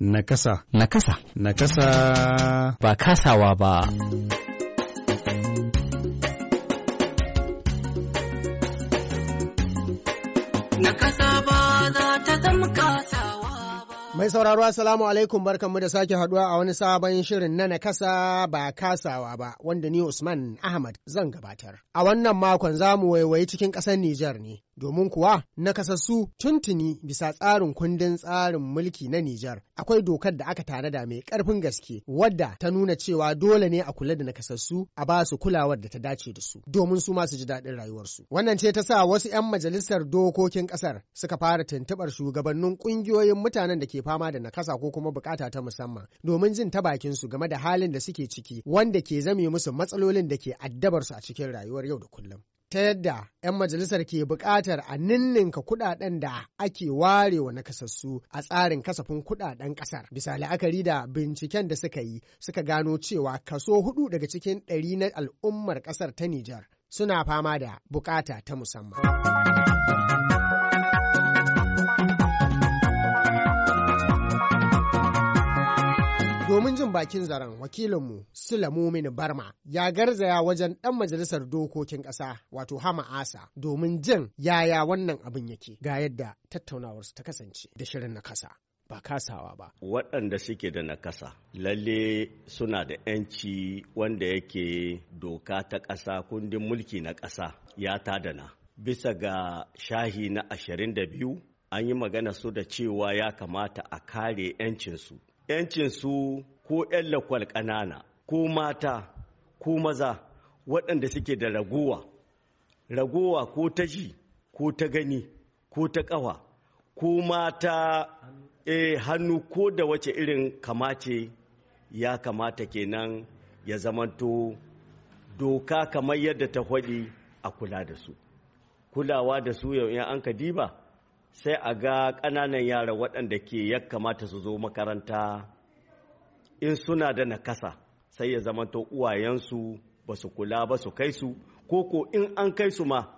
Nakasa. Nakasa. Nakasa. Ba kasawa ba. Nakasa ba za ta zama kasawa ba. Mai sauraro Assalamu alaikum barkanmu da sake haduwa a wani sabon shirin na nakasa ba kasawa ba wanda ni Usman Ahmad zan gabatar. A wannan makon za mu waiwayi cikin ƙasar Nijar ne. domin kuwa nakasassu tuntuni bisa tsarin kundin tsarin mulki na Nijar akwai dokar da aka tare da mai karfin gaske wadda ta nuna cewa dole ne a kula da nakasassu a ba su kulawar da ta dace da su domin su masu ji daɗin rayuwarsu. Wannan ce ta sa wasu 'yan majalisar dokokin ƙasar suka fara tuntuɓar shugabannin ƙungiyoyin mutanen da ke fama da nakasa ko kuma bukata ta musamman domin jin ta bakin su game da halin da suke ciki wanda ke zame musu matsalolin da ke addabarsu a cikin rayuwar yau da kullum. ta yadda 'yan majalisar ke buƙatar a ninninka kuɗaɗen da ake ware wa nakasassu a tsarin kasafin kuɗaɗen ƙasar. Bisa la'akari da binciken da suka yi suka gano cewa kaso hudu daga cikin ɗari na al'ummar ƙasar ta Nijar suna fama da bukata ta musamman. Domin jin bakin zaren wakilinmu Sula Mumini Barma ya garzaya wajen ɗan majalisar dokokin ƙasa wato Hama Asa domin jin yaya wannan abin yake ga yadda su ta kasance da shirin na kasa. ba kasawa ba. Waɗanda suke da na nakasa lalle suna da 'yanci wanda yake doka ta ƙasa kundin mulki na ƙasa ya tadana. Bisa ga shahi na 22 an yi magana su da cewa ya kamata a kare 'yancinsu 'yancinsu ko 'yan lakwal ƙanana ko mata ko maza waɗanda suke da ragowa ragowa ko ta ji ko ta gani ko ta ƙawa ko mata eh, hannu ko da wace irin kamace ya kamata kenan ya zamanto doka kamar yadda ta hwaɗi a kula da su kulawa da su yau in an ka diba sai a ga ƙananan yara waɗanda ke ya kamata su zo makaranta in suna da nakasa sai ya zamanto uwayensu ba su kula ba su kai su ko ko in an kai su ma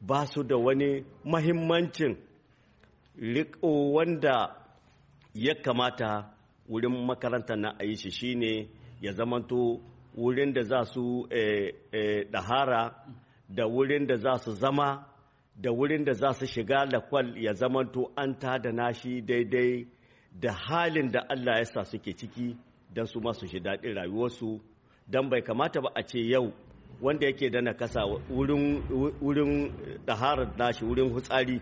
ba su da wani mahimmancin riƙo wanda ya kamata wurin makaranta na a yi shi shine ya zamanto wurin da za su eh, eh, ɗahara da wurin da za su zama da wurin da za su shiga lakwal ya zamanto an ta da nashi daidai da halin da Allah ya sa suke ciki don su masu shi daɗin rayuwarsu don bai kamata ba a ce yau wanda yake da nakasa wurin ɗaharar nashi wurin hutsari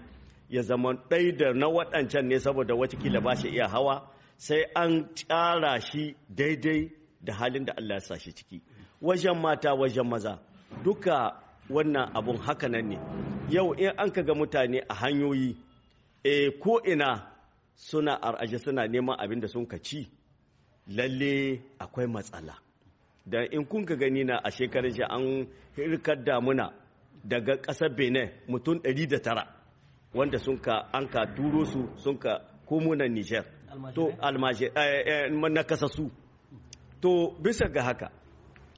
ya zama ɗai da na waɗancan ne saboda kila ba shi iya hawa sai an tsara shi daidai da halin da Allah ya sa shi ciki wajen mata wajen maza duka wannan abun haka nan ne yau in an ka ga mutane a hanyoyi e ko ina suna ar'aje suna neman abin da sun ci lalle akwai matsala da in kun ka gani na a shekarun shi an hirkar damuna daga ƙasar benin mutum 109 wanda sun ka an ka turo su sun ka komo na niger to almaje eh, eh, na kasasu to bisa ga haka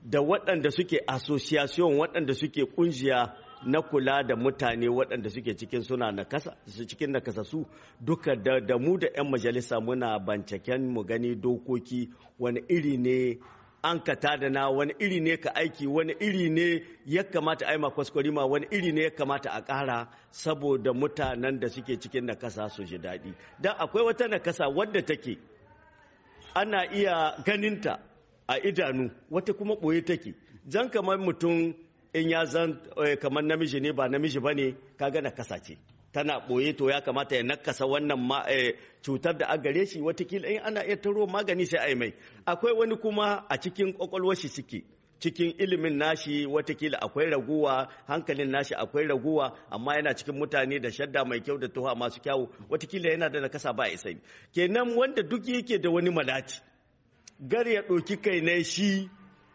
da waɗanda suke asosiyasiyon waɗanda suke kungiya na kula da mutane waɗanda suke cikin suna nakasa cikin nakasasu duka da, mu da 'yan majalisa muna bancaken mu gani dokoki wani iri ne an ka na wani iri ne ka aiki wani iri ne ya kamata a yi kwaskwarima wani iri ne ya kamata a ƙara saboda mutanen da suke cikin nakasa su ji daɗi don akwai wata nakasa wadda take ana iya ganinta a idanu wata kuma ɓoye take jan kamar mutum in ya zan eh, kamar namiji ne ba namiji ba ne kaga na ce tana ɓoye to ya kamata ya nakasa wannan eh, cutar da a gare shi watakila in ana iya taro magani sai yi mai akwai wani kuma a cikin kwakwalwar shi suke cikin ilimin nashi watakila akwai raguwa hankalin nashi akwai raguwa amma yana cikin mutane da shadda mai kyau da tuha masu kyawu watakila yana da nakasa ba isai kenan wanda duk yake da wani malati gar ya ɗoki kai na shi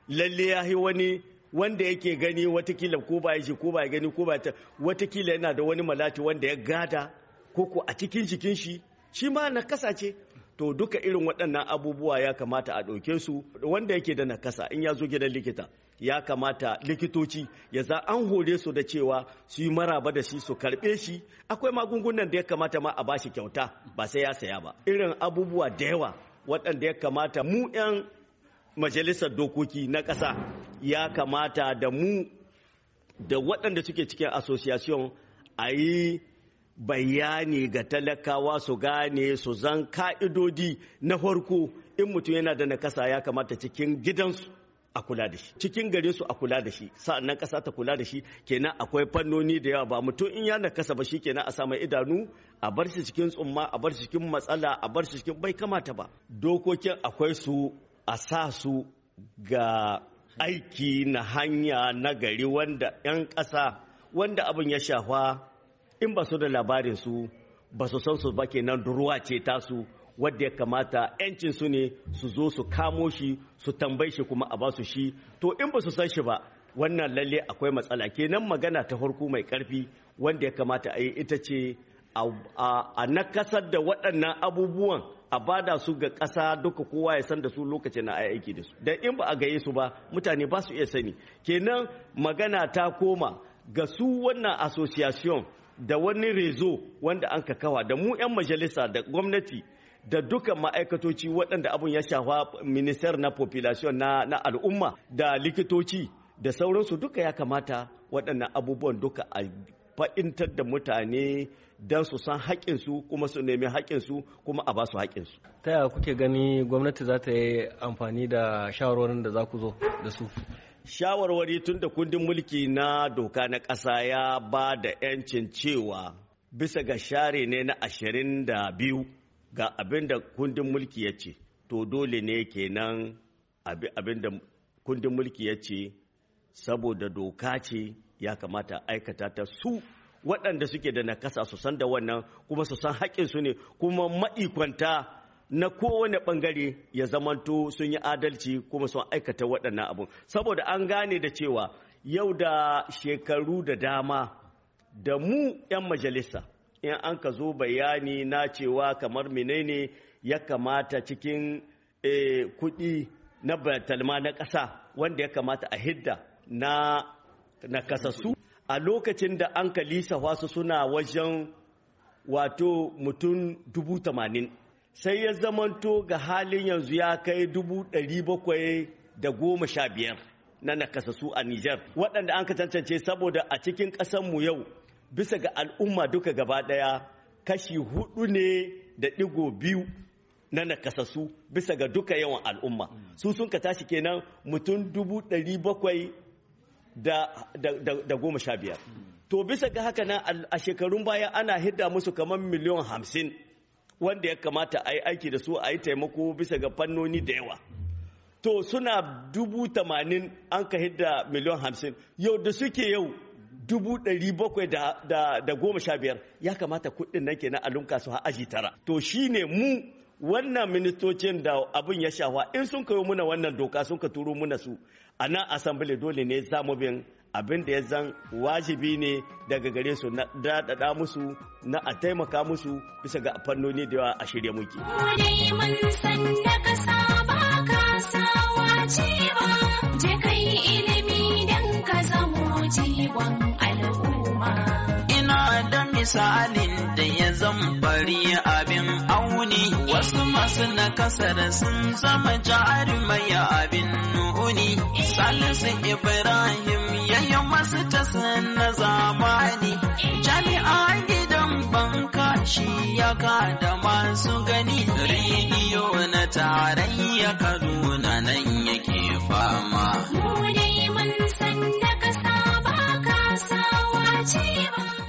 lalle ya yi wani wanda yake gani watakila ko ba ya shi ko ba ya gani ko ba ta watakila yana da wani malati wanda ya gada ko ko a cikin jikin shi shi ma nakasa ce to duka irin waɗannan abubuwa ya kamata a ɗauke su wanda yake da nakasa in ya zo gidan likita ya kamata likitoci ya za an hore su da cewa su yi maraba da shi su karɓe shi akwai magungunan da ya kamata ma a bashi kyauta ba sai ya saya ba irin abubuwa da yawa waɗanda ya kamata mu 'yan majalisar dokoki na ƙasa ya kamata da mu da waɗanda suke cikin association a yi bayani ga talakawa su gane su zan ka'idodi na farko in mutum yana da na ƙasa ya kamata cikin gidansu a kula da shi cikin garin su a kula da shi sa'annan kasa ta kula da shi kenan akwai fannoni da yawa ba mutum in ya nakasa ba shi kenan a sa idanu a bar shi cikin tsumma a bar shi cikin matsala a bar shi cikin bai kamata ba dokokin akwai su a sa su ga aiki na hanya na gari wanda 'yan ƙasa wanda abin ya shafa in ba su da labarin su ba su san su ba kenan ruwa ce ta su. wadda ya kamata 'yancin su ne su zo su kamo shi su tambaye shi kuma a ba su shi to in ba su san shi ba wannan lalle akwai matsala kenan magana ta farko mai karfi wanda ya kamata a yi ita ce a nakasar da waɗannan abubuwan a bada su ga ƙasa duka kowa ya san da su lokacin na aiki da su da in ba a gaye su ba mutane ba su iya sani kenan magana ta koma ga su wannan association da wani rezo wanda an kawa da mu 'yan majalisa da gwamnati da duka ma'aikatoci waɗanda abun ya shafa minister na population na, na al'umma da likitoci da sauransu duka ya kamata waɗannan abubuwan duka a fa'intar da mutane don su san haƙinsu kuma su nemi haƙinsu kuma a ba su haƙinsu. Ta yaya kuke gani gwamnati za ta yi amfani da shawarwarin da za ku zo da su? Shawarwari tun da kundin mulki na doka na ƙasa ya ba da 'yancin cewa bisa ga share ne na ashirin da biyu ga abin da kundin mulki ya ce to dole ne kenan abin da kundin mulki ya ce saboda doka ce ya kamata aikata ta su waɗanda suke da nakasa su san da wannan kuma su san haƙƙinsu ne kuma ma'ikwanta na kowane ɓangare ya zamanto sun yi adalci kuma sun aikata waɗannan abu saboda an gane da cewa yau da shekaru da dama da mu 'yan majalisa in an ka zo bayani na cewa kamar menene ya kamata cikin eh, kudi na batalma na kasa wanda ya kamata a hidda na nakasassu a lokacin da an lisa wasu suna wajen wato mutum dubu tamanin sai ya zamanto ga halin yanzu ya kai dubu ɗari bakwai da goma sha biyar na nakasassu a Nijar waɗanda an ka cancance saboda a cikin mu yau bisa ga al'umma duka gaba ɗaya kashi hudu ne da ɗigo biyu na nakasassu bisa ga duka yawan al'umma mm. su sun ka tashi kenan mutum dubu ɗari bakwai da goma sha biyar mm. to bisa ga haka nan a shekarun baya ana hidda musu kamar miliyan hamsin wanda ya kamata a yi aiki da su a yi taimako bisa ga fannoni da yawa to suna dubu tamanin an ka hidda miliyan hamsin yau da suke yau dubu ɗari bakwai da goma sha biyar ya kamata kuɗin nan kenan a lunka su aji tara to shine mu wannan ministocin da abin ya shawa in sun kayo muna wannan doka sun ka turo muna su a nan asambile dole ne za mu bin abin da ya zan wajibi ne daga gare su na daɗaɗa musu na a taimaka musu bisa ga fannoni da yawa a shirya muke. Mu mun san da ka sawa ce misalin da ya zambari abin auni wasu masu nakasar sun zama jarumai abin nuni salisu ibrahim yayin masu tasirin na zamani jami'a gidan banka shi ya da masu gani rediyo na tarayya kaduna nan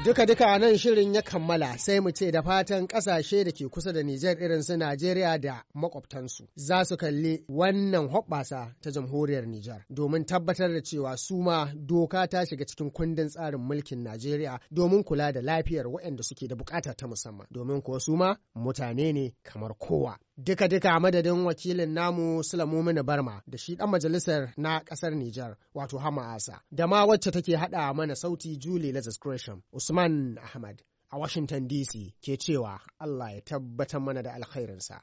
Duka-duka nan shirin ya kammala sai mu ce da fatan ƙasashe da ke kusa da Nijar irin su Najeriya da makwabtansu za su kalli wannan hoɓɓasa ta jamhuriyar Nijar domin tabbatar da cewa su ma doka ta shiga cikin kundin tsarin mulkin Najeriya domin kula da lafiyar waɗanda suke da bukata ta musamman domin kuwa su ma mutane ne kamar kowa. Duka duka madadin wakilin namu Sulamumini Barma da shi dan majalisar na kasar Nijar wato Hama Asa da ma wacce take hada mana sauti Julie Lazarus Gresham Usman Ahmad a Washington DC ke cewa Allah ya tabbatar mana da alkhairinsa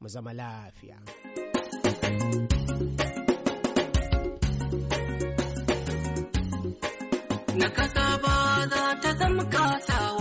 mu zama lafiya. Na kasa ba za ta zama kasawa.